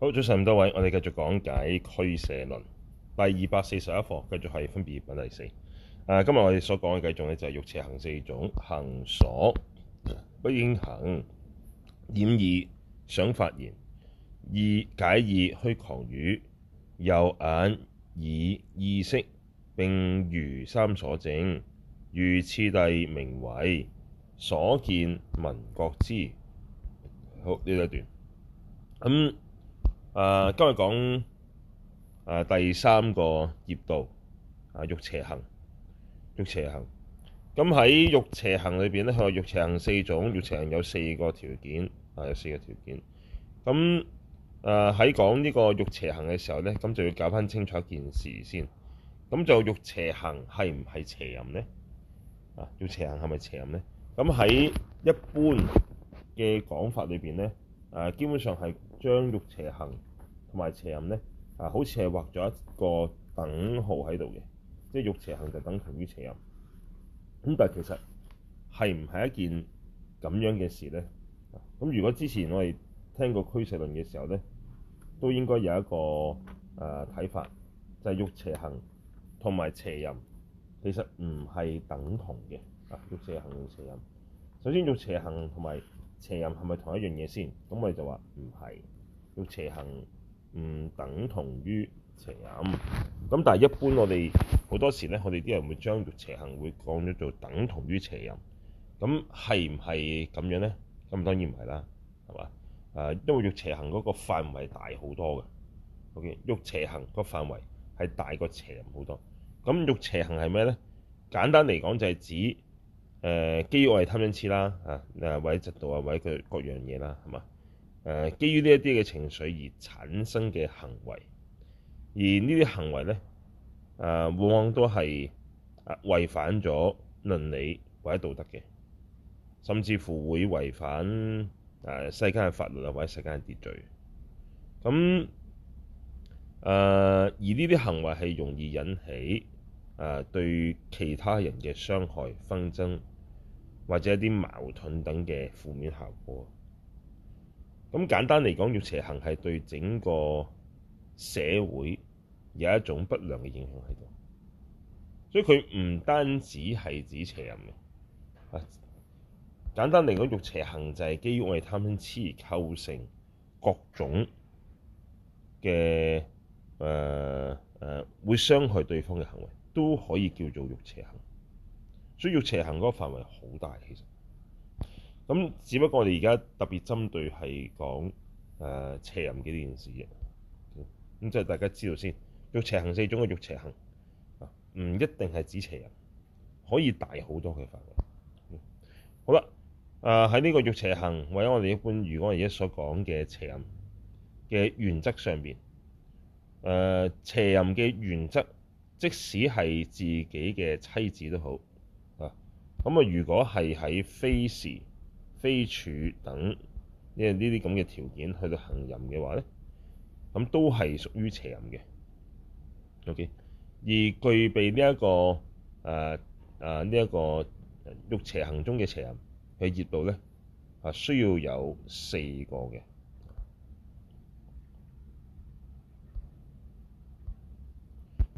好，早晨多位，我哋繼續講解俱舍論第二百四十一課，繼續係分別業品第四。誒、呃，今日我哋所講嘅繼續咧就係欲邪行四種，行所不應行，染異想發言，意解義虛誑語，由眼耳意識，並餘三所證，如次第名為所見聞知覺。好，呢一段咁。嗯啊，今日講啊，第三個業道啊，欲邪行，欲邪行。咁喺欲邪行裏邊咧，佢話欲邪行四種，欲邪行有四個條件，啊，有四個條件。咁啊，喺講呢個欲邪行嘅時候咧，咁就要搞翻清楚一件事先。咁就欲邪行係唔係邪淫咧？啊，欲邪行係咪邪淫咧？咁喺一般嘅講法裏邊咧，誒、啊，基本上係將欲邪行同埋邪淫咧，啊，好似係畫咗一個等號喺度嘅，即係欲邪行就等同於邪淫。咁但係其實係唔係一件咁樣嘅事咧？咁如果之前我哋聽過俱舍論嘅時候咧，都應該有一個誒睇、呃、法，就係、是、欲邪行同埋邪淫其實唔係等同嘅。啊，欲邪行同邪淫，首先欲邪行同埋邪淫係咪同一樣嘢先？咁我哋就話唔係欲邪行，邪行。嗯，等同於邪淫，咁但係一般我哋好多時咧，我哋啲人會將欲邪行會講咗做等同於邪淫，咁係唔係咁樣咧？咁當然唔係啦，係嘛？誒，因為欲邪行嗰個範圍大好多嘅，OK，欲邪行個範圍係大過邪淫好多。咁欲邪行係咩咧？簡單嚟講就係指誒、呃、基於我哋貪嗔痴啦，啊誒或者嫉妒啊，或者佢各樣嘢啦，係嘛？誒，基於呢一啲嘅情緒而產生嘅行為，而呢啲行為咧，誒往往都係誒違反咗倫理或者道德嘅，甚至乎會違反誒世界嘅法律啊或者世界嘅秩序。咁誒、呃，而呢啲行為係容易引起誒、呃、對其他人嘅傷害、紛爭或者一啲矛盾等嘅負面效果。咁簡單嚟講，欲邪行係對整個社會有一種不良嘅影響喺度，所以佢唔單止係指邪淫嘅。簡單嚟講，欲邪行就係基於我哋貪嗔痴而構成各種嘅誒誒會傷害對方嘅行為，都可以叫做欲邪行。所以欲邪行嗰個範圍好大，其實。咁只不過我哋而家特別針對係講誒邪淫嘅呢件事嘅，咁即係大家知道先，欲邪行四種嘅欲邪行啊，唔一定係指邪淫，可以大好多嘅範圍。好啦，誒喺呢個欲邪行或者我哋一般，如果我而家所講嘅邪淫嘅原則上面，誒、呃、邪淫嘅原則，即使係自己嘅妻子都好啊。咁、嗯、啊、嗯，如果係喺非時。非處等，因為呢啲咁嘅條件去到行淫嘅話咧，咁都係屬於邪淫嘅。OK，而具備呢、這、一個呢一、呃這個欲邪行中嘅邪淫嘅業道咧，啊需要有四個嘅。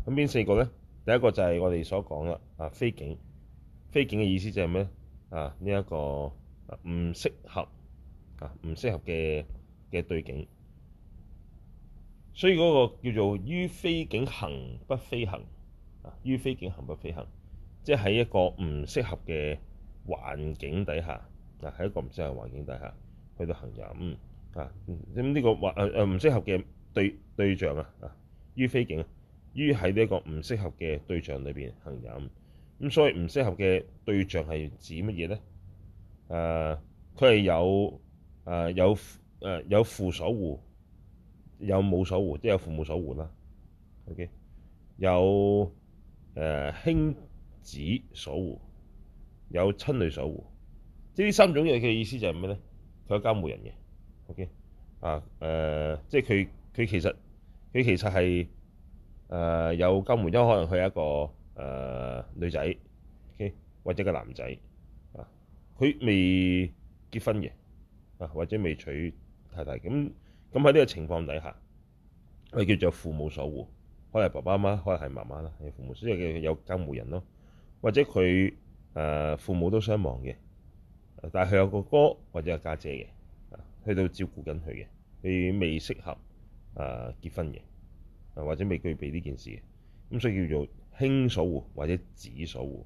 咁邊四個咧？第一個就係我哋所講啦，啊非境非境嘅意思就係咩啊？呢、這、一個。唔適合啊！唔適合嘅嘅對境，所以嗰個叫做於非境行不應行啊。於非境行不應行，即係喺一個唔適合嘅環境底下嗱，喺一個唔適合嘅環境底下去到行淫啊。咁呢個或誒誒唔適合嘅對對象啊啊，於非境啊，於喺呢一個唔適合嘅對象裏邊行淫咁，所以唔適合嘅對象係指乜嘢咧？誒、呃，佢係有誒、呃、有誒、呃、有父所護，有母所護，即係有父母所護啦。OK，有誒、呃、兄姊所護，有親裡所護。即係呢三種嘢嘅意思就係咩咧？佢有監護人嘅。OK，啊、呃、即係佢佢其實佢其實係誒、呃、有監護，因可能佢係一個誒、呃、女仔。OK，或者一個男仔。佢未結婚嘅啊，或者未娶太太咁，咁喺呢個情況底下，佢叫做父母所護，可能係爸爸媽，可能係媽媽啦，係父母，所以叫有監護人咯。或者佢誒、呃、父母都雙亡嘅，但係有個哥或者有家姐嘅啊，去到照顧緊佢嘅，佢未適合啊、呃、結婚嘅啊，或者未具備呢件事嘅，咁，所以叫做兄所護或者姊所護，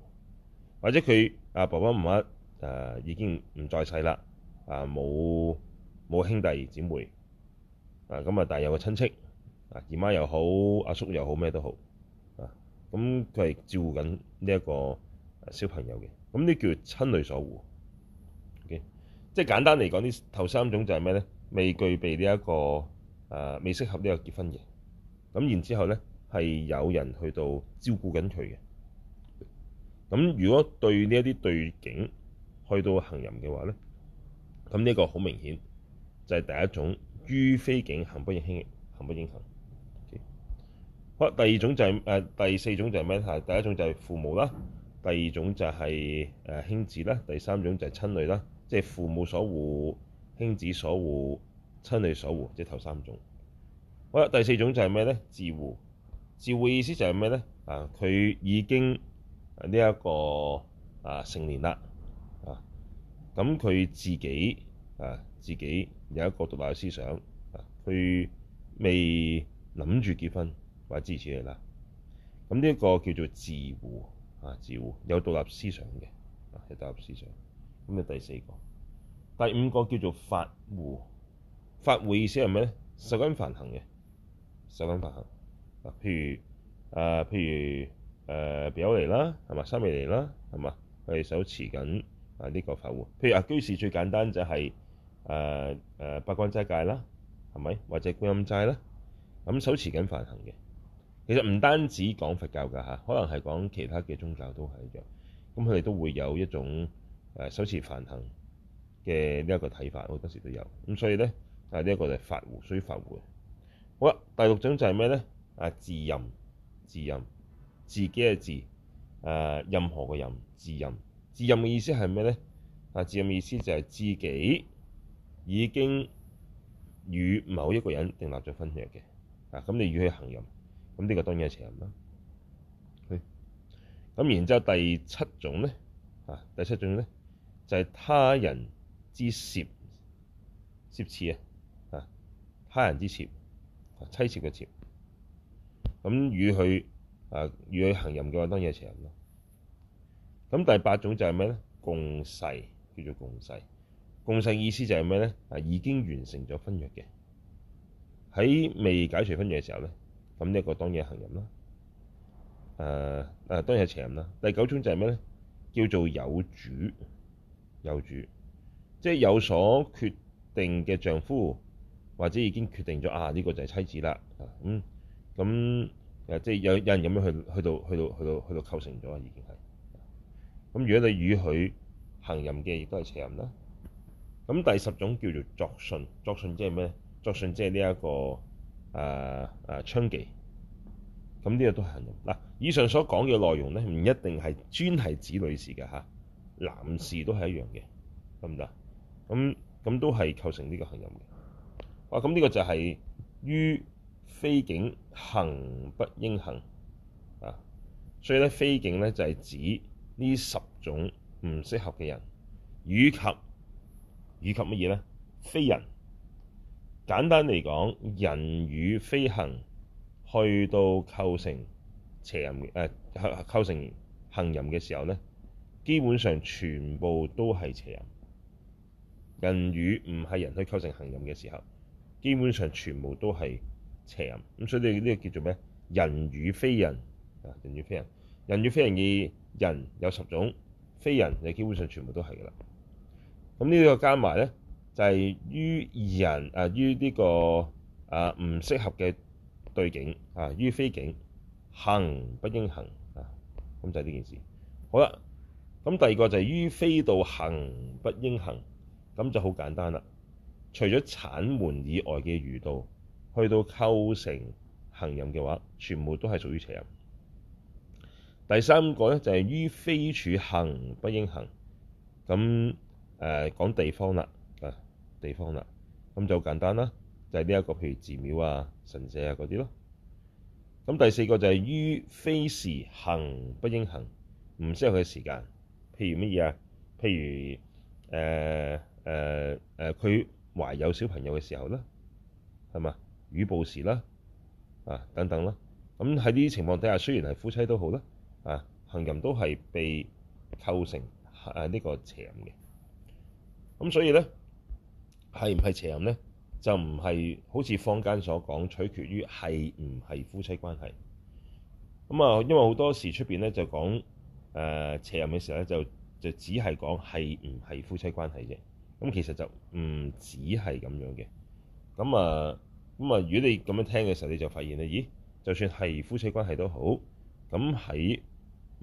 或者佢阿、呃、爸爸媽媽。啊、已經唔再世啦，啊冇冇兄弟姊妹，啊咁啊但係有個親戚，啊姨媽又好，阿叔又好，咩都好，啊咁佢係照顧緊呢一個小朋友嘅，咁、啊、呢叫做親類所護，okay? 即係簡單嚟講，呢頭三種就係咩咧？未具備呢、這、一個誒、啊、未適合呢個結婚嘅，咁然之後咧係有人去到照顧緊佢嘅，咁如果對呢一啲對境。去到行淫嘅話咧，咁呢個好明顯就係、是、第一種於非境行不應輕行，行不應行。OK? 好，第二種就係、是呃、第四種就係咩？第一種就係父母啦，第二種就係、是啊、兄姊啦，第三種就係親裡啦，即係父母所護、兄姊所護、親裡所護，即係頭三種。好，第四種就係咩咧？自護，自護意思就係咩咧？啊，佢已經呢一、啊這個啊成年啦。咁佢自己啊，自己有一個獨立嘅思想啊，佢未諗住結婚，或者支持你啦。咁呢一個叫做自護啊，自護有獨立思想嘅啊，有獨立思想。咁就第四個，第五個叫做法護。法護意思係咩？守緊梵行嘅，守緊梵行啊。譬如誒、啊，譬如、呃、比丘尼啦，係嘛？三尾嚟啦，係嘛？佢哋守持緊。呢、這個法護，譬如啊，居士最簡單就係誒誒八關齋戒啦，係咪？或者觀音齋啦，咁守持緊梵行嘅。其實唔單止講佛教㗎嚇，可能係講其他嘅宗教都係嘅。咁佢哋都會有一種誒守持梵行嘅呢一個睇法，好多時都有。咁所以咧，啊呢一個就係法護，屬於法護好啦，第六種就係咩咧？啊自任自任，自己嘅自誒、呃，任何嘅任自任。自任嘅意思係咩咧？啊，自任嘅意思就係自己已經與某一個人訂立咗婚約嘅。啊，咁你與佢行淫，咁、這、呢個當然係邪淫啦。咁然之後第七種咧，啊，第七種咧就係、是、他人之妾，妾侍啊，啊，他人之妾，啊，妻妾嘅妾。咁與佢啊，與佢行淫嘅話，當然係邪淫咯。咁第八種就係咩咧？共誓叫做共誓。共誓意思就係咩咧？啊，已經完成咗婚約嘅喺未解除婚約嘅時候咧，咁呢個當然係行人啦。誒、啊、誒、啊，當然係情人啦。第九種就係咩咧？叫做有主有主，即、就、係、是、有所決定嘅丈夫，或者已經決定咗啊，呢、這個就係妻子啦。咁咁誒，即係有有人咁樣去去到去到去到去到,去到構成咗嘅，已經係。咁如果你與佢行淫嘅，亦都係邪淫啦。咁第十種叫做作信，作信即係咩？作信即係呢一個誒誒、啊啊、娼妓。咁呢個都係行淫。嗱。以上所講嘅內容咧，唔一定係專係指女士嘅嚇，男士都係一樣嘅，得唔得？咁咁都係構成呢個行淫嘅。哇、啊！咁呢個就係於非境行不應行啊，所以咧非境咧就係指。呢十種唔適合嘅人，以及以及乜嘢咧？非人。簡單嚟講，人與非行去到構成邪淫嘅，誒，構成行淫嘅時候咧，基本上全部都係邪淫。人與唔係人去構成行淫嘅時候，基本上全部都係邪淫。咁所以呢個叫做咩？人與非人啊，人與非人。人與非人嘅人有十種，非人就基本上全部都係㗎啦。咁呢個加埋咧，就係於二人啊，於呢個啊唔適合嘅對境啊，於非境行不應行啊，咁就係呢件事。好啦，咁第二個就係於非道行不應行，咁就好簡單啦。除咗產門以外嘅餘道，去到構成行淫嘅話，全部都係屬於邪淫。第三個咧就係於非處行不應行，咁誒、呃、講地方啦，啊地方啦，咁就簡單啦，就係呢一個譬如寺廟啊、神社啊嗰啲咯。咁第四個就係於非時行不應行，唔適合佢嘅時間，譬如乜嘢啊？譬如誒誒佢懷有小朋友嘅時候啦，係嘛？飲兒乳時啦，啊等等啦。咁喺呢啲情況底下，雖然係夫妻都好啦。啊，行淫，都係被構成誒呢個邪淫嘅。咁所以咧，係唔係邪淫咧？就唔係好似坊間所講，取決於係唔係夫妻關係。咁啊，因為好多時出邊咧就講誒、呃、邪淫嘅時候咧，就就只係講係唔係夫妻關係啫。咁其實就唔只係咁樣嘅。咁啊，咁啊，如果你咁樣聽嘅時候，你就發現啦，咦？就算係夫妻關係都好，咁喺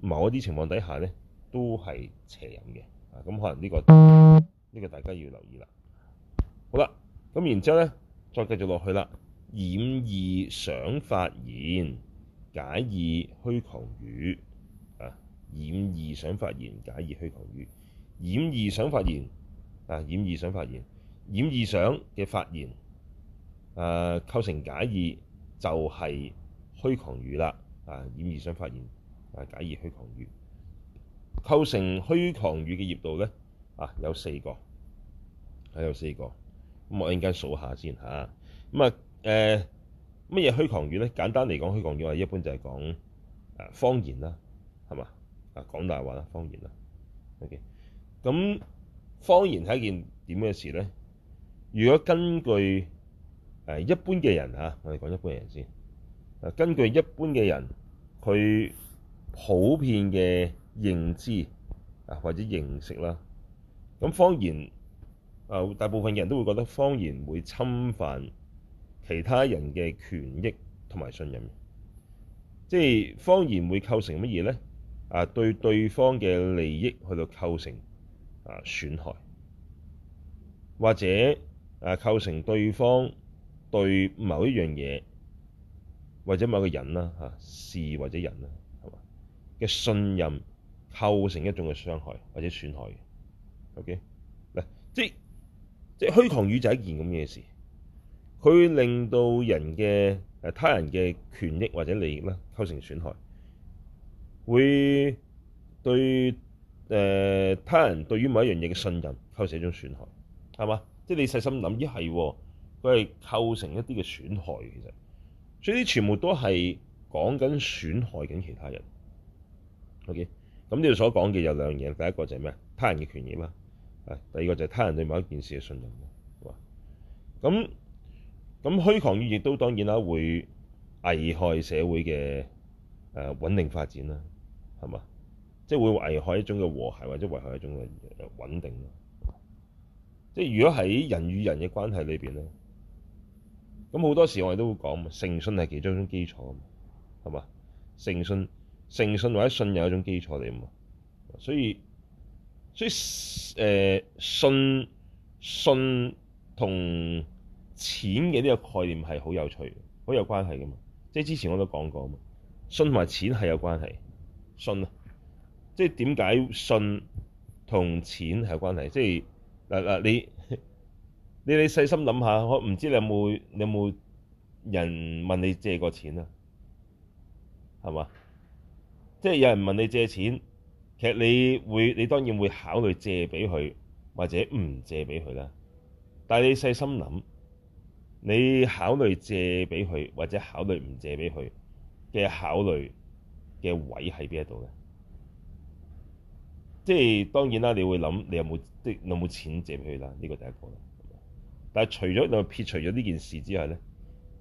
某一啲情況底下咧，都係邪淫嘅啊！咁可能呢、這個呢、這個大家要留意啦。好啦，咁然之後咧，再繼續落去啦。染異想發言，解義虛誑語啊！染異想發言，解義虛誑語。染異想發言啊！染異想發言，染異想嘅發言啊，構成解義就係、是、虛誑語啦！啊，染異想發言。啊！假如虛誑語構成虛誑語嘅業道咧，啊，有四個，係有四個咁。我陣間數下先嚇咁啊。誒乜嘢虛誑語咧？簡單嚟講，虛誑語啊，一般就係講誒謊、啊、言啦，係嘛啊？講大話啦，謊言啦。O.K. 咁謊言係一件點嘅事咧？如果根據誒、啊、一般嘅人嚇、啊，我哋講一般嘅人先。誒、啊、根據一般嘅人，佢。普遍嘅認知啊，或者認識啦，咁謊言啊，大部分人都會覺得謊言會侵犯其他人嘅權益同埋信任。即係謊言會構成乜嘢咧？啊，對對，對方嘅利益去到構成啊損害，或者啊構成對方對某一樣嘢，或者某個人啦嚇事或者人啦。嘅信任構成一種嘅傷害或者損害嘅，OK 嗱，即即虛誑語就係一件咁嘅事，佢令到人嘅誒、呃、他人嘅權益或者利益咧構成損害，會對誒、呃、他人對於某一樣嘢嘅信任構成一種損害，係嘛？即係你細心諗，一係佢係構成一啲嘅損害其實，所以啲全部都係講緊損害緊其他人。O.K. 咁呢度所講嘅有兩樣嘢，第一個就係咩？他人嘅權益啊，第二個就係他人對某一件事嘅信任。咁咁虛誑亦都當然啦，會危害社會嘅誒穩定發展啦，係嘛？即係會危害一種嘅和諧，或者危害一種嘅穩定。即係如果喺人與人嘅關係裏邊咧，咁好多時我哋都會講，誠信係其中一種基礎啊，係嘛？誠信。誠信或者信任係一種基礎嚟嘅嘛，所以所以，誒、呃，信，信同錢嘅呢個概念係好有趣的，好有關係嘅嘛。即係之前我都講過啊嘛，信同埋錢係有關係。信，即係點解信同錢係有關係？即係嗱，嗱你你你細心諗下，我唔知你有冇你有冇人問你借過錢啊？係嘛？即係有人問你借錢，其實你會，你當然會考慮借俾佢，或者唔借俾佢啦。但係你細心諗，你考慮借俾佢，或者考慮唔借俾佢嘅考慮嘅位喺邊一度咧？即係當然啦，你會諗你有冇即有冇錢借俾佢啦，呢、這個第一個。但係除咗撇除咗呢件事之外咧，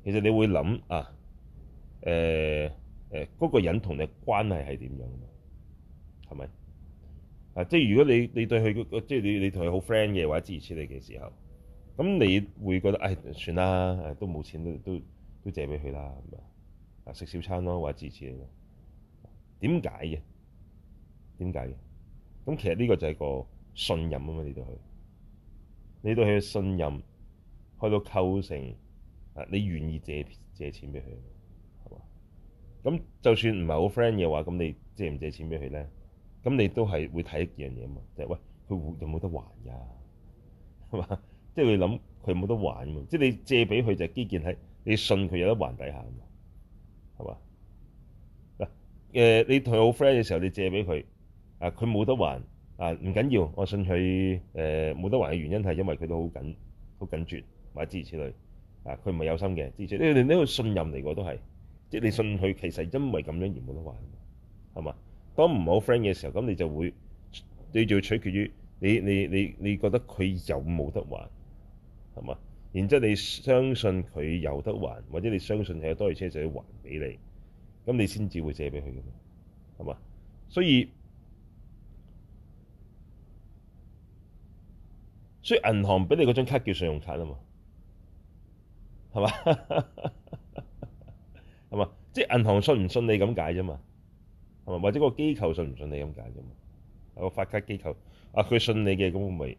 其實你會諗啊，誒、呃。誒，嗰個人同你關係係點樣啊？係咪啊？即係如果你你對佢即係你你同佢好 friend 嘅，或者支持你嘅時候，咁你會覺得唉，算啦，都冇錢都都都借俾佢啦，係咪啊？食小餐咯，或者支持你咯。點解嘅？點解嘅？咁其實呢個就係個信任啊嘛，你對佢，你對佢嘅信任去到構成啊，你願意借借錢俾佢。咁就算唔係好 friend 嘅話，咁你借唔借錢俾佢咧？咁你都係會睇一樣嘢啊嘛，就係、是、喂佢有冇得還呀、啊？係嘛，就是？即係你諗佢冇得還即係你借俾佢就基建喺你信佢有得還底下啊嘛？係嘛？嗱、呃、你同佢好 friend 嘅時候，你借俾佢啊，佢冇得還啊，唔緊要，我信佢誒冇得還嘅原因係因為佢都好緊好緊絕或者、啊、諸如此類啊，佢唔係有心嘅之類呢個信任嚟嘅都係。即係你信佢，其實因為咁樣而冇得還，係嘛？當唔好 friend 嘅時候，咁你就會，你就要取決於你你你你覺得佢有冇得還，係嘛？然之後你相信佢有得還，或者你相信係有多餘車仔還俾你，咁你先至會借俾佢嘅嘛？係嘛？所以，所以銀行俾你嗰張卡叫信用卡啊嘛，係嘛？ 係嘛？即係銀行信唔信你咁解啫嘛？係嘛？或者個機構信唔信你咁解啫嘛？有個發卡機構啊，佢信你嘅咁咪，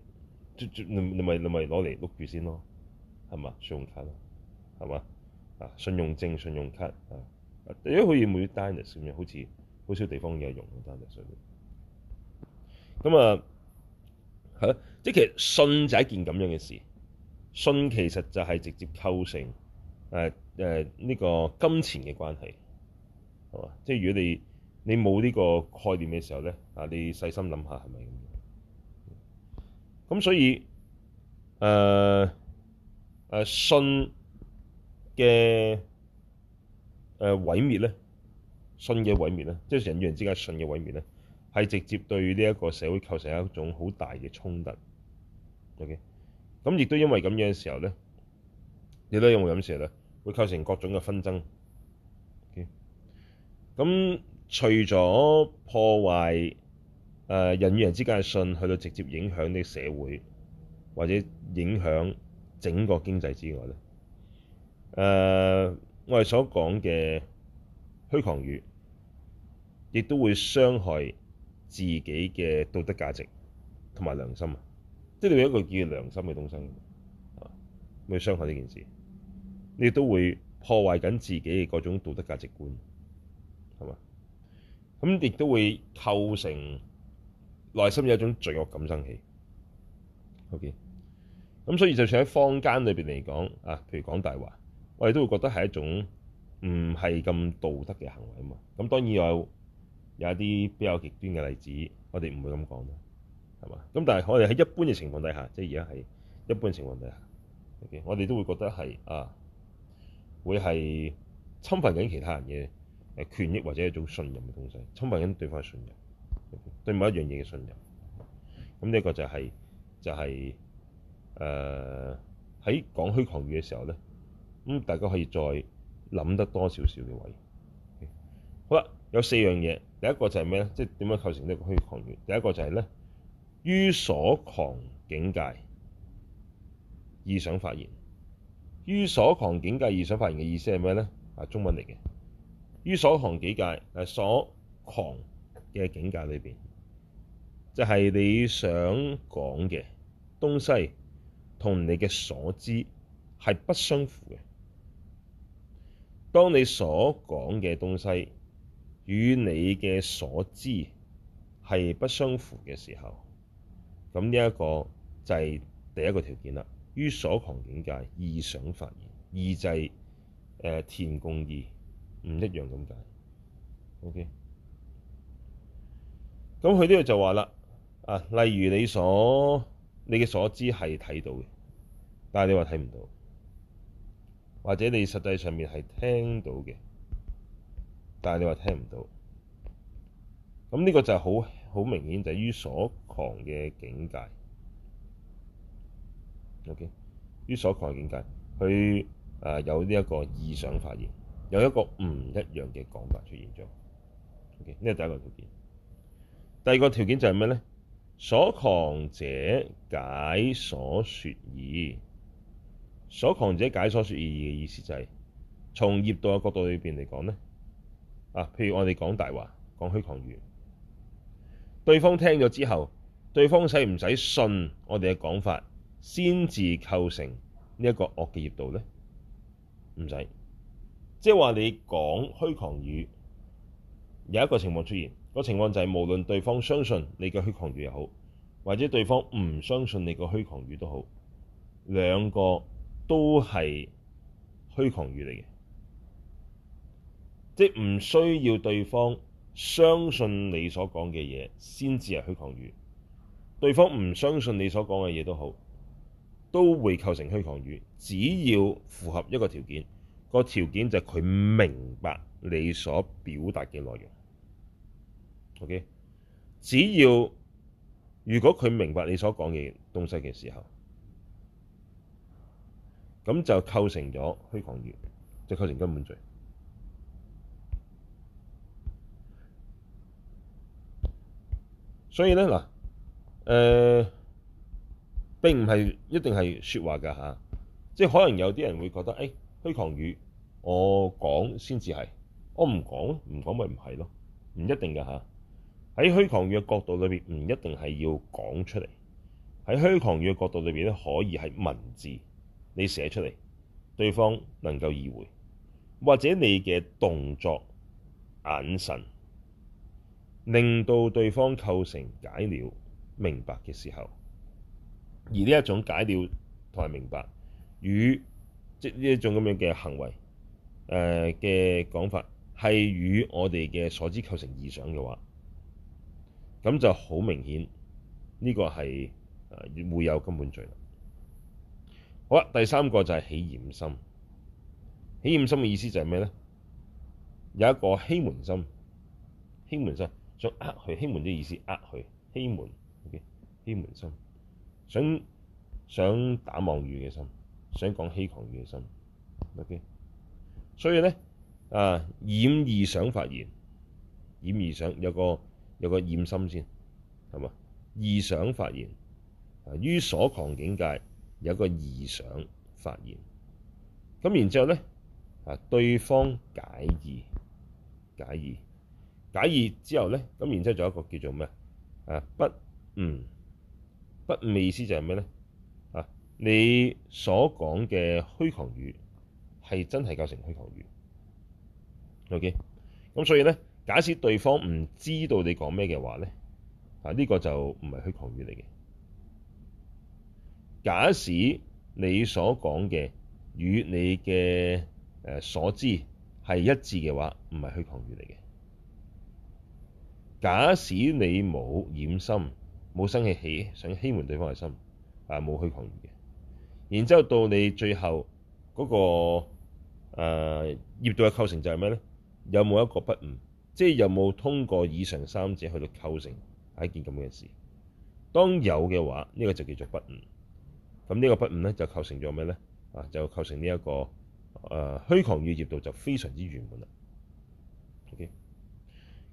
你你咪你咪攞嚟碌住先咯。係嘛？信用卡咯，係嘛？啊，信用證、信用卡啊，誒好似每個 Diners 咁樣，好似好少地方有用 Diners。咁啊，係咯，即係其實信就係一件咁樣嘅事，信其實就係直接構成誒。啊誒、呃、呢、這個金錢嘅關係，係嘛？即係如果你你冇呢個概念嘅時候咧，啊，你細心諗下係咪咁樣？咁所以誒誒、呃、信嘅誒毀滅咧，信嘅毀滅咧，即係人與人之間信嘅毀滅咧，係直接對呢一個社會構成一種好大嘅衝突。OK，咁亦都因為咁樣嘅時候咧，你都有冇飲食咧？會構成各種嘅紛爭。咁、okay? 除咗破壞誒、呃、人與人之間嘅信，去到直接影響啲社會，或者影響整個經濟之外咧，誒、呃、我哋所講嘅虛誑語，亦都會傷害自己嘅道德價值同埋良心。即係你有一個叫良心嘅東西，啊，會傷害呢件事。你都會破壞緊自己嘅各種道德價值觀，係嘛？咁亦都會構成內心有一種罪惡感生起。OK，咁所以，就算喺坊間裏邊嚟講啊，譬如講大話，我哋都會覺得係一種唔係咁道德嘅行為啊嘛。咁當然有有一啲比較極端嘅例子，我哋唔會咁講啦，係嘛？咁但係可能喺一般嘅情況底下，即係而家係一般嘅情況底下，OK，我哋都會覺得係啊。會係侵犯緊其他人嘅誒權益或者一種信任嘅東西，侵犯緊對方嘅信任對不對？對某一樣嘢嘅信任。咁呢一個就係、是、就係誒喺講虛誑語嘅時候咧，咁大家可以再諗得多少少嘅位。Okay? 好啦，有四樣嘢，第一個就係咩咧？即係點樣構成呢個虛誑語？第一個就係、是、咧，於所誑境界，異想發言。於所,所誑境界，異想發言嘅意思係咩咧？啊，中文嚟嘅。於所誑境界，嗱所誑嘅境界裏邊，就係、是、你想講嘅東西同你嘅所知係不相符嘅。當你所講嘅東西與你嘅所知係不相符嘅時候，咁呢一個就係第一個條件啦。於所誑境界，異想發言，意制，誒、呃、天共義，唔一樣咁解。O.K. 咁佢呢度就話啦，啊，例如你所你嘅所知係睇到嘅，但係你話睇唔到，或者你實際上面係聽到嘅，但係你話聽唔到。咁呢個就係好好明顯，就係於所誑嘅境界。O.K. 於所誑嘅境界，佢啊有呢一個異想發言，有一個唔一樣嘅講法出現咗。O.K. 呢係第一個條件。第二個條件就係咩咧？所誑者解所説義，所誑者解所説義，義嘅意思就係、是、從業道嘅角度裏面嚟講咧，啊，譬如我哋講大話，講虛誑語，對方聽咗之後，對方使唔使信我哋嘅講法？先至構成呢一個惡嘅業道呢？唔使，即係話你講虛誑語，有一個情況出現，個情況就係無論對方相信你嘅虛誑語又好，或者對方唔相信你個虛誑語都好，兩個都係虛誑語嚟嘅，即係唔需要對方相信你所講嘅嘢先至係虛誑語，對方唔相信你所講嘅嘢都好。，都會構成虛誑語，只要符合一個條件，個條件就係佢明白你所表達嘅內容。OK，只要如果佢明白你所講嘅東西嘅時候，咁就構成咗虛誑語，就構成根本罪。所以咧嗱，誒、呃。並唔係一定係說話噶吓，即係可能有啲人會覺得，誒、哎、虛誑語，我講先至係，我唔講，唔講咪唔係咯，唔一定噶吓，喺虛誑語嘅角度裏邊，唔一定係要講出嚟。喺虛誑語嘅角度裏邊咧，可以係文字你寫出嚟，對方能夠意會，或者你嘅動作、眼神，令到對方構成解了明白嘅時候。而呢一種解了同埋明白，與即呢一種咁樣嘅行為誒嘅講法，係與我哋嘅所知構成異想嘅話，咁就好明顯呢個係誒、呃、會有根本罪啦。好啦，第三個就係起染心。起染心嘅意思就係咩咧？有一個欺瞞心，欺瞞心想呃佢，欺瞞嘅意思呃佢，欺瞞 O、okay? K 欺瞞心。想想打望語嘅心，想講欺狂語嘅心。O.K. 所以咧，啊，染二想發言，掩二想有個有個染心先，係嘛？意想發言，啊，於所狂境界有個二想發言。咁然之後咧，啊，對方解二，解二，解二之後咧，咁然之仲有一個叫做咩啊？不，嗯。不誤意思就係咩咧？啊，你所講嘅虛誑語係真係構成虛誑語。OK，咁所以咧，假使對方唔知道你講咩嘅話咧，啊、這、呢個就唔係虛誑語嚟嘅。假使你所講嘅與你嘅誒所知係一致嘅話，唔係虛誑語嚟嘅。假使你冇染心，冇生氣氣，想欺瞞對方嘅心，啊，冇虛誑語嘅。然之後到你最後嗰、那個誒、呃、業道嘅構成就係咩咧？有冇一個不誤？即係有冇通過以上三者去到構成係一件咁嘅事？當有嘅話，呢、這個就叫做不誤。咁呢個不誤咧，就構成咗咩咧？啊，就構成呢一個誒、呃、虛誑語業道，就非常之圓滿啦。OK，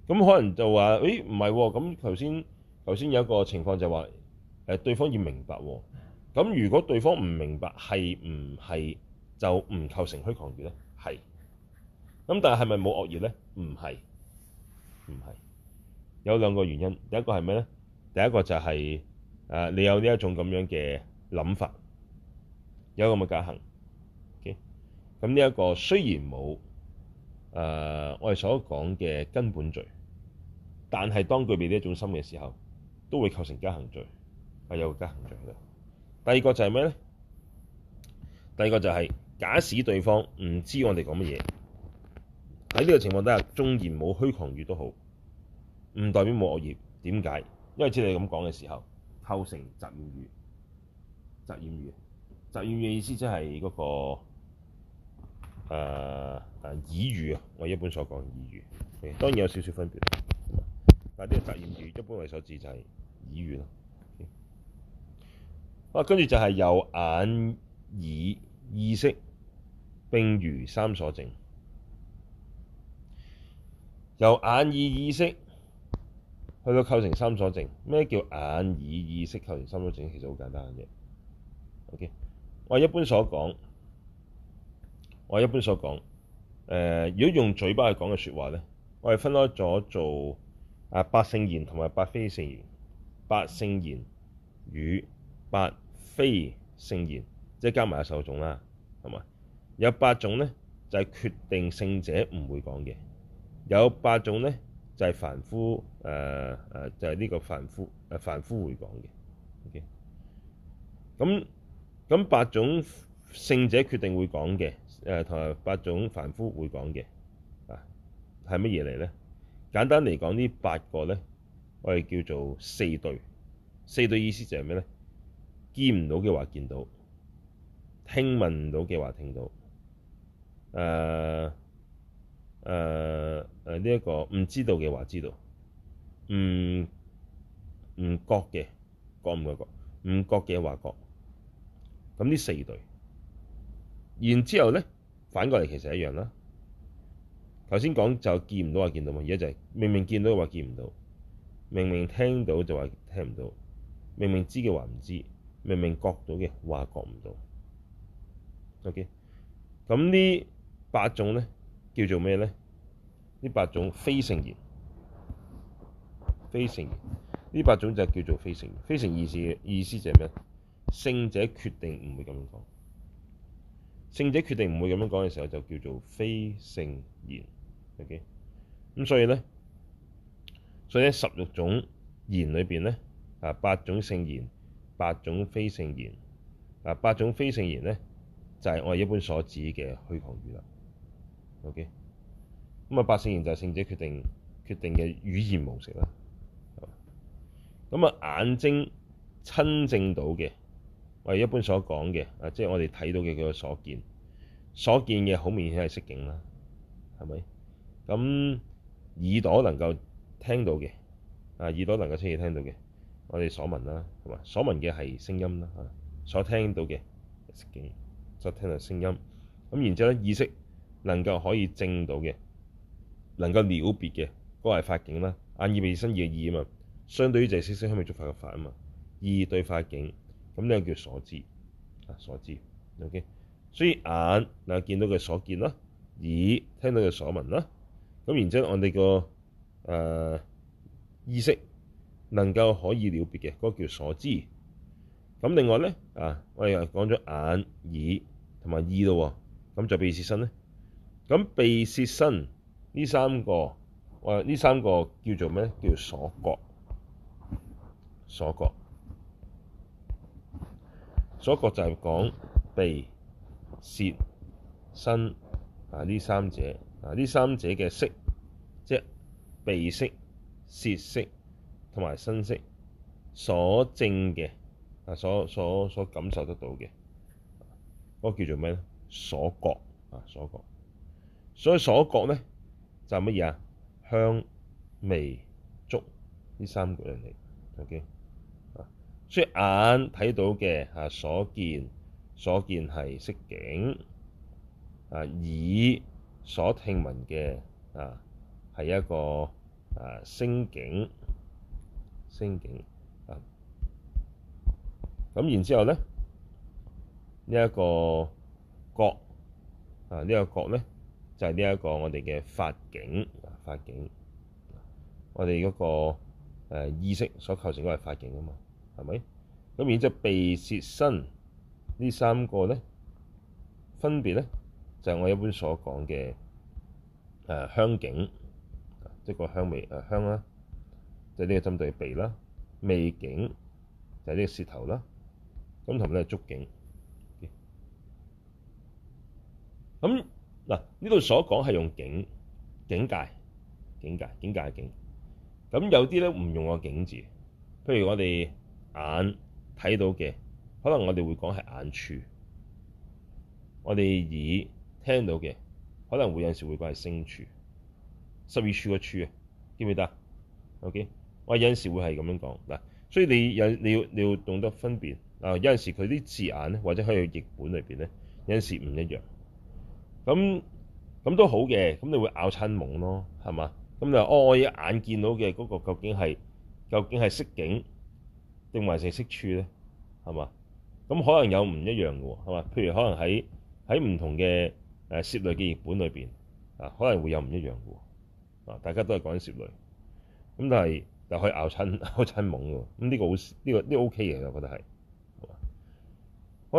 咁可能就話誒唔係喎，咁頭先。首先有一個情況就話，誒對方要明白喎，咁如果對方唔明白係唔係就唔構成虛誑罪咧？係，咁但係係咪冇惡業咧？唔係，唔係，有兩個原因，第一個係咩咧？第一個就係、是、誒你有呢一種咁樣嘅諗法，有咁嘅加行，咁呢一個雖然冇誒我哋所講嘅根本罪，但係當具備呢一種心嘅時候。都會構成加行罪，係有加行罪嘅。第二個就係咩咧？第二個就係，假使對方唔知我哋講乜嘢，喺呢個情況底下，縱然冇虛誑語都好，唔代表冇惡業。點解？因為知道你咁講嘅時候構成雜穢語，雜穢語，雜穢語嘅意思即係嗰個誒穢語啊。我一般所講穢語，當然有少少分別，但係呢個雜穢語一般為所指就係、是。子語啊。跟住就係由眼耳意識，並餘三所證。由眼耳意識去到構成三所證。咩叫眼耳意識構成三所證？其實好簡單嘅啫。O、OK? K，我一般所講，我一般所講，誒、呃，如果用嘴巴去講嘅説話咧，我係分開咗做啊，八聖言同埋八非聖言。八聖言與八非聖言，即係加埋受種啦，係嘛？有八種咧就係、是、決定聖者唔會講嘅，有八種咧就係、是、凡夫誒誒、呃、就係、是、呢個凡夫誒凡夫會講嘅。咁、okay? 咁八種聖者決定會講嘅誒，同、呃、埋八種凡夫會講嘅啊，係乜嘢嚟咧？簡單嚟講呢八個咧。我哋叫做四對，四對意思就係咩咧？見唔到嘅話見到，聽聞唔到嘅話聽到，誒誒誒呢一個唔知道嘅話知道，唔、嗯、唔覺嘅覺唔覺覺，唔覺嘅話覺。咁呢四對，然之後咧反過嚟其實一樣啦。頭先講就見唔到話見到嘛，而家就係明明見到話見唔到。明明聽到就話聽唔到，明明知嘅話唔知，明明覺到嘅話覺唔到。OK，咁呢八種咧叫做咩咧？呢八種非聖言，非聖言，呢八種就叫做非聖言，非聖意思嘅意思就係咩？聖者決定唔會咁樣講，聖者決定唔會咁樣講嘅時候就叫做非聖言。OK，咁所以咧。所以咧，十六種言裏面呢，啊八種聖言，八種非聖言。啊，八種非聖言呢，就係我哋一般所指嘅虛誑語啦。OK，咁啊，八聖言就係聖者決定決定嘅語言模式啦。咁啊，眼睛親證到嘅，我哋一般所講嘅啊，即係我哋睇到嘅佢嘅所見，所見嘅好明顯係色境啦，係咪？咁耳朵能夠。聽到嘅啊，耳朵能夠親自聽到嘅，我哋所聞啦，係嘛？所聞嘅係聲音啦，啊，所聽到嘅色境，所聽到聲音咁，然之後咧，意識能夠可以證到嘅，能夠了別嘅，嗰個係法境啦。眼耳鼻身意嘅意啊，相對於就係色聲香味觸法嘅法啊嘛，意對法境，咁呢個叫所知啊，所知 OK。所以眼能見到嘅所見啦，耳聽到嘅所聞啦，咁然之後我哋個。啊、意識能夠可以了別嘅嗰、那個叫所知。咁另外咧啊，我哋又講咗眼、耳同埋耳咯喎。咁就鼻舌身咧。咁鼻舌身呢三個，我、啊、呢三個叫做咩，叫做所覺。所覺，所覺就係講鼻舌、舌、啊、身啊呢三者啊呢三者嘅色。鼻識、舌識同埋身識所證嘅啊，所所所感受得到嘅，嗰、那個叫做咩咧？所覺。啊，所覺。所以所覺咧就係乜嘢啊？香味觸呢三樣嚟。OK 啊，所以眼睇到嘅所見，所見係色境啊，耳所聽聞嘅啊。係一個誒聲境聲境啊，咁然之後咧呢一個角啊，呢、這個角咧、啊這個、就係呢一個我哋嘅法境法境，我哋嗰、那個、啊、意識所構成嗰個法境啊嘛，係咪？咁然之後，鼻、舌、身呢三個咧，分別咧就係、是、我一般所講嘅誒香境。啊呢個香味啊香啦，就係呢個針對鼻啦、味境，就係呢個舌頭啦，咁同埋咧觸境。咁嗱，呢度所講係用境、境界、境界、境界嘅境。咁有啲咧唔用個境字，譬如我哋眼睇到嘅，可能我哋會講係眼處；我哋耳聽到嘅，可能會有陣時會講係聲處。十二處個處啊，見唔見到？OK，我有陣時會係咁樣講嗱，所以你有你要你要懂得分辨，啊。有陣時佢啲字眼咧，或者喺個譯本裏邊咧，有陣時唔一樣。咁咁都好嘅，咁你會咬親懵咯，係嘛？咁你話、哦、我我眼見到嘅嗰個究竟係究竟係色境定還是色處咧？係嘛？咁可能有唔一樣嘅喎，係嘛？譬如可能喺喺唔同嘅誒、啊、涉類嘅譯本裏邊啊，可能會有唔一樣嘅喎。大家都係講涉類，咁但係又可以咬親咬親懵咁呢個好呢、這個呢、這個 OK 嘅，我覺得係。好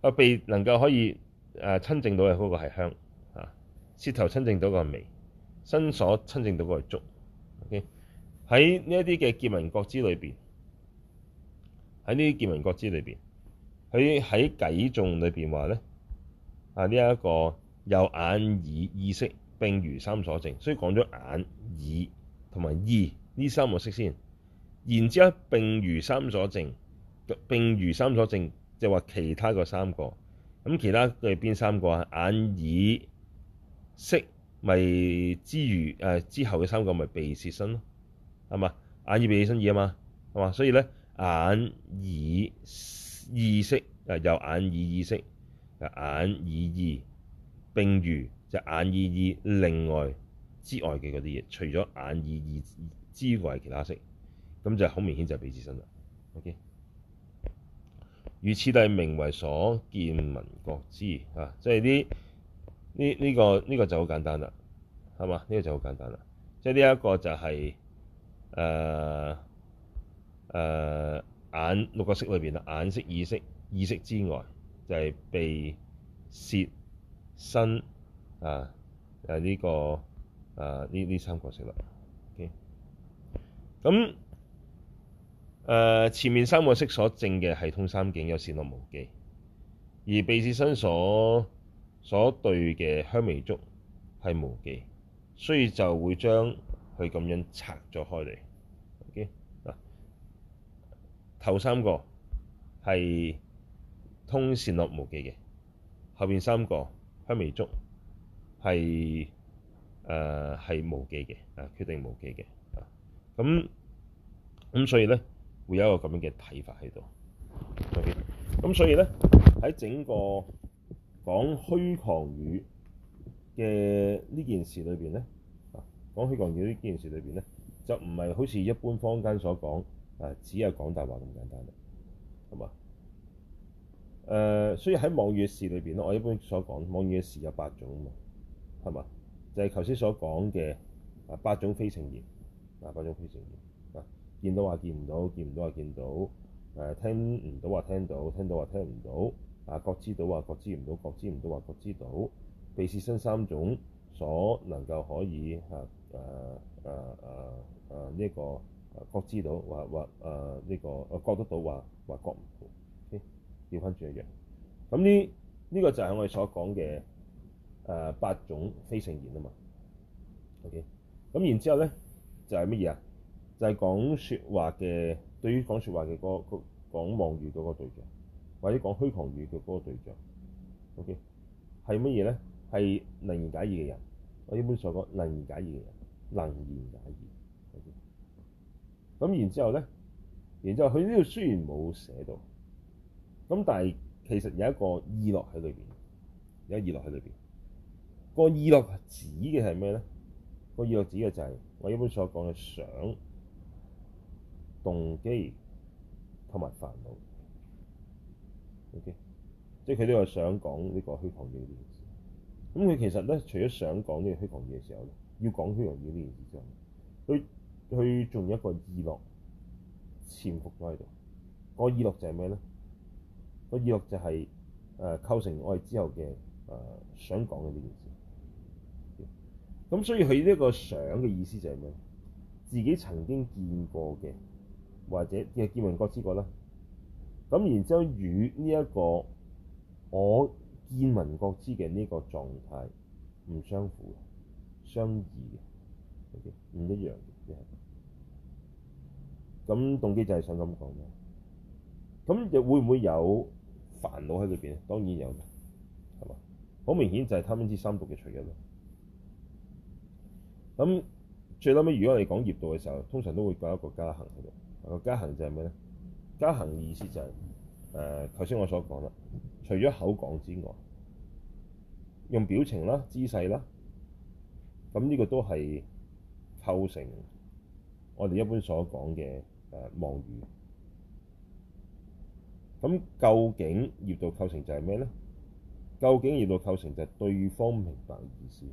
啊，鼻能夠可以誒親、啊、證到嘅嗰個係香啊，舌頭親證到嘅係味，身所親證到嘅係觸。OK，喺呢一啲嘅見聞覺知裏面，喺呢啲見聞覺知裏面，佢喺偈眾裏面話咧啊，呢、這、一個有眼耳意識。並餘三所證，所以講咗眼、耳同埋意呢三個識先，然之後並餘三所證，並餘三所證，即係話其他個三個，咁其他嘅邊三個啊？眼、耳、色，咪之餘誒之後嘅三個咪鼻舌身咯，係嘛？眼耳鼻舌身意啊嘛，係嘛？所以咧，眼耳意識，誒，又眼耳意識，誒，眼耳意並餘。就是、眼、耳、耳另外之外嘅嗰啲嘢，除咗眼、耳、耳之外，其他色咁就好明顯就係鼻舌身啦。OK，如次第名為所見聞覺知啊，即係啲呢呢個呢、呢個就好簡單啦，係嘛？呢、呢個就好簡單啦。即係呢一個就係誒誒眼六個識裏邊眼識、耳識、意識之外就係鼻、舌、身。啊！誒、啊、呢、這個啊呢呢三個色啦。O K，咁誒前面三個色所證嘅係通三性，有善惡無記；而鼻舌身所所對嘅香味觸係無記，所以就會將佢咁樣拆咗開嚟。O K 嗱，頭三個係通善惡無記嘅，後面三個香味觸。係誒係無記嘅，誒、啊、決定無記嘅，啊咁咁所以咧會有一個咁樣嘅睇法喺度。咁、okay? 所以咧喺整個講虛誑語嘅呢件事裏邊咧，啊講虛誑語呢件事裏邊咧，就唔係好似一般坊間所講誒、啊、只有講大話咁簡單嘅，係嘛？誒、啊、所以喺妄語嘅事裏邊咧，我一般所講妄語嘅事有八種啊嘛。係嘛？就係頭先所講嘅啊，八種非聖言啊，八種非聖言啊，見到話見唔到，見唔到話見到啊、呃，聽唔到話聽到，聽到話聽唔到啊，覺知到話覺知唔到，覺知唔到，知到話覺知到。鼻舌身三種所能夠可以啊，誒誒誒誒呢個覺知到或或呢覺、呃這個、得到話話覺，調翻轉一樣。咁呢呢個就係我哋所講嘅。誒八種非聖言啊嘛，OK，咁然之後咧就係乜嘢啊？就係、是就是、講說話嘅對於講說話嘅嗰個講妄語嗰個對象，或者講虛誑語嘅嗰個對象，OK，係乜嘢咧？係能言解義嘅人，我一般所講能言解義嘅人，能言解義，OK，咁然之後咧，然之後佢呢度雖然冇寫到，咁但係其實有一個意樂喺裏面。有一個意樂喺裏邊。個意樂指嘅係咩咧？個意樂指嘅就係我一般所講嘅想、動機同埋煩惱。O.K.，即係佢都有想講呢個虛誑語呢件事。咁佢其實咧，除咗想講呢個虛誑語嘅時候，要講虛誑語呢件事之後，佢佢仲有一個意樂潛伏咗喺度。個意樂就係咩咧？個意樂就係、是、誒、呃、構成我哋之後嘅誒、呃、想講嘅呢件事。咁所以佢呢個想嘅意思就係咩？自己曾經見過嘅，或者即係見聞覺知過啦。咁然之後與呢、這、一個我見聞覺知嘅呢個狀態唔相符，相異嘅，O.K. 唔一樣嘅。咁動機就係想咁講啦。咁就會唔會有煩惱喺裏面？當然有，係嘛？好明顯就係貪瞋痴三毒嘅出現啦。咁最後尾，如果我哋講業道嘅時候，通常都會講一個加行嘅。個加行就係咩咧？加行意思就係誒頭先我所講啦，除咗口講之外，用表情啦、姿勢啦，咁、這、呢個都係構成我哋一般所講嘅誒妄語。咁究竟業道構成就係咩咧？究竟業道構成就係對方明白嘅意思。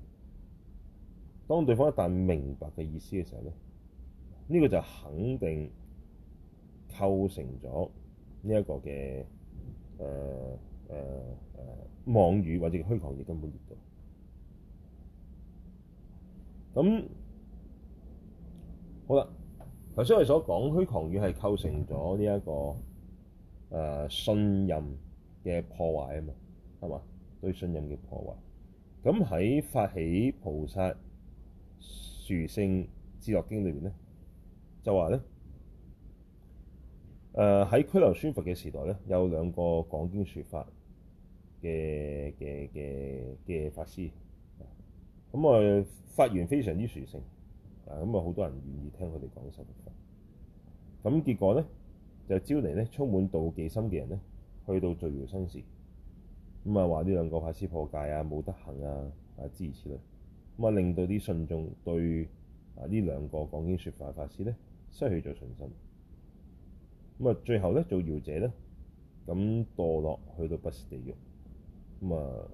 當對方一旦明白嘅意思嘅時候咧，呢、這個就肯定構成咗呢一個嘅誒誒誒妄語或者虛誑嘅根本唔度。咁好啦，頭先我哋所講虛誑語係構成咗呢一個誒、呃、信任嘅破壞啊嘛，係嘛，對信任嘅破壞。咁喺發起菩薩。殊勝智，智樂經》裏邊咧，就話咧，誒喺拘留孫佛嘅時代咧，有兩個講經説法嘅嘅嘅嘅法師，咁、嗯、啊發言非常之殊勝，啊咁啊好多人願意聽佢哋講法。咁、嗯、結果咧就招嚟咧充滿妒忌心嘅人咧，去到聚會生事，咁啊話呢兩個法師破戒啊、冇德行啊，啊諸如此類咁啊，令到啲信眾對啊呢兩個講經說法嘅法師咧失去咗信心。咁啊，最後咧造謠者咧，咁墮落去到不是地獄。咁啊，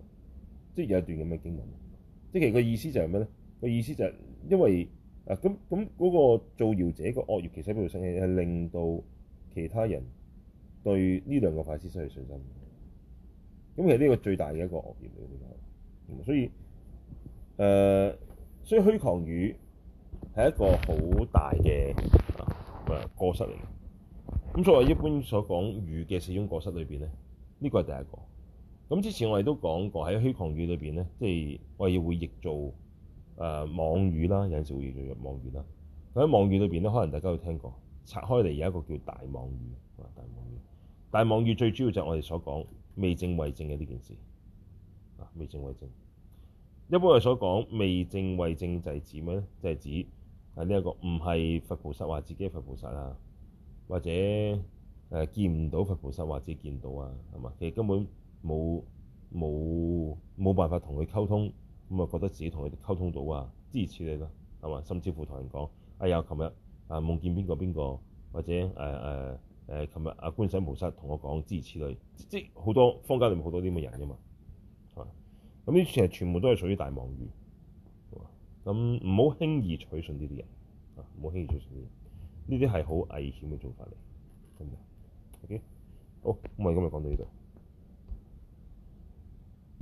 即係有一段咁嘅經文。即係其實個意思就係咩咧？個意思就係因為啊咁咁嗰個造謠者個惡業，其實喺邊度生起？係令到其他人對呢兩個法師失去信心。咁其實呢個最大嘅一個惡業嚟嘅呢個。咁所以。誒、呃，所以虛誑語係一個好大嘅誒過失嚟嘅。咁所以一般所講語嘅四種過失裏邊咧，呢、這個係第一個。咁、嗯、之前我哋都講過喺虛誑語裏邊咧，即、就、係、是、我哋會譯做誒、啊、妄語啦，有陣時會譯做入妄語啦。佢喺妄語裏邊咧，可能大家都聽過拆開嚟有一個叫大妄語，大妄語。大妄語最主要就係我哋所講未證為證嘅呢件事，啊，未證為證。一般我所講未正為正，就係指咩咧？就係指係呢一個唔係佛菩薩話自己佛菩薩啊，或者誒見唔到佛菩薩，話自己見到啊，係嘛？其實根本冇冇冇辦法同佢溝通，咁啊覺得自己同佢溝通到啊，支持你咯，係嘛？甚至乎同人講：哎呀，琴日啊夢見邊個邊個，或者誒誒誒，琴、呃呃、日阿觀想菩薩同我講支持你，即係好多坊間裏面好多啲咁嘅人㗎嘛。咁呢啲其實全部都係屬於大網魚咁，唔好輕易取信呢啲人。啊，唔好輕易取信呢啲人，呢啲係好危險嘅做法嚟，真唔係？OK，好，咁我哋今日講到呢度。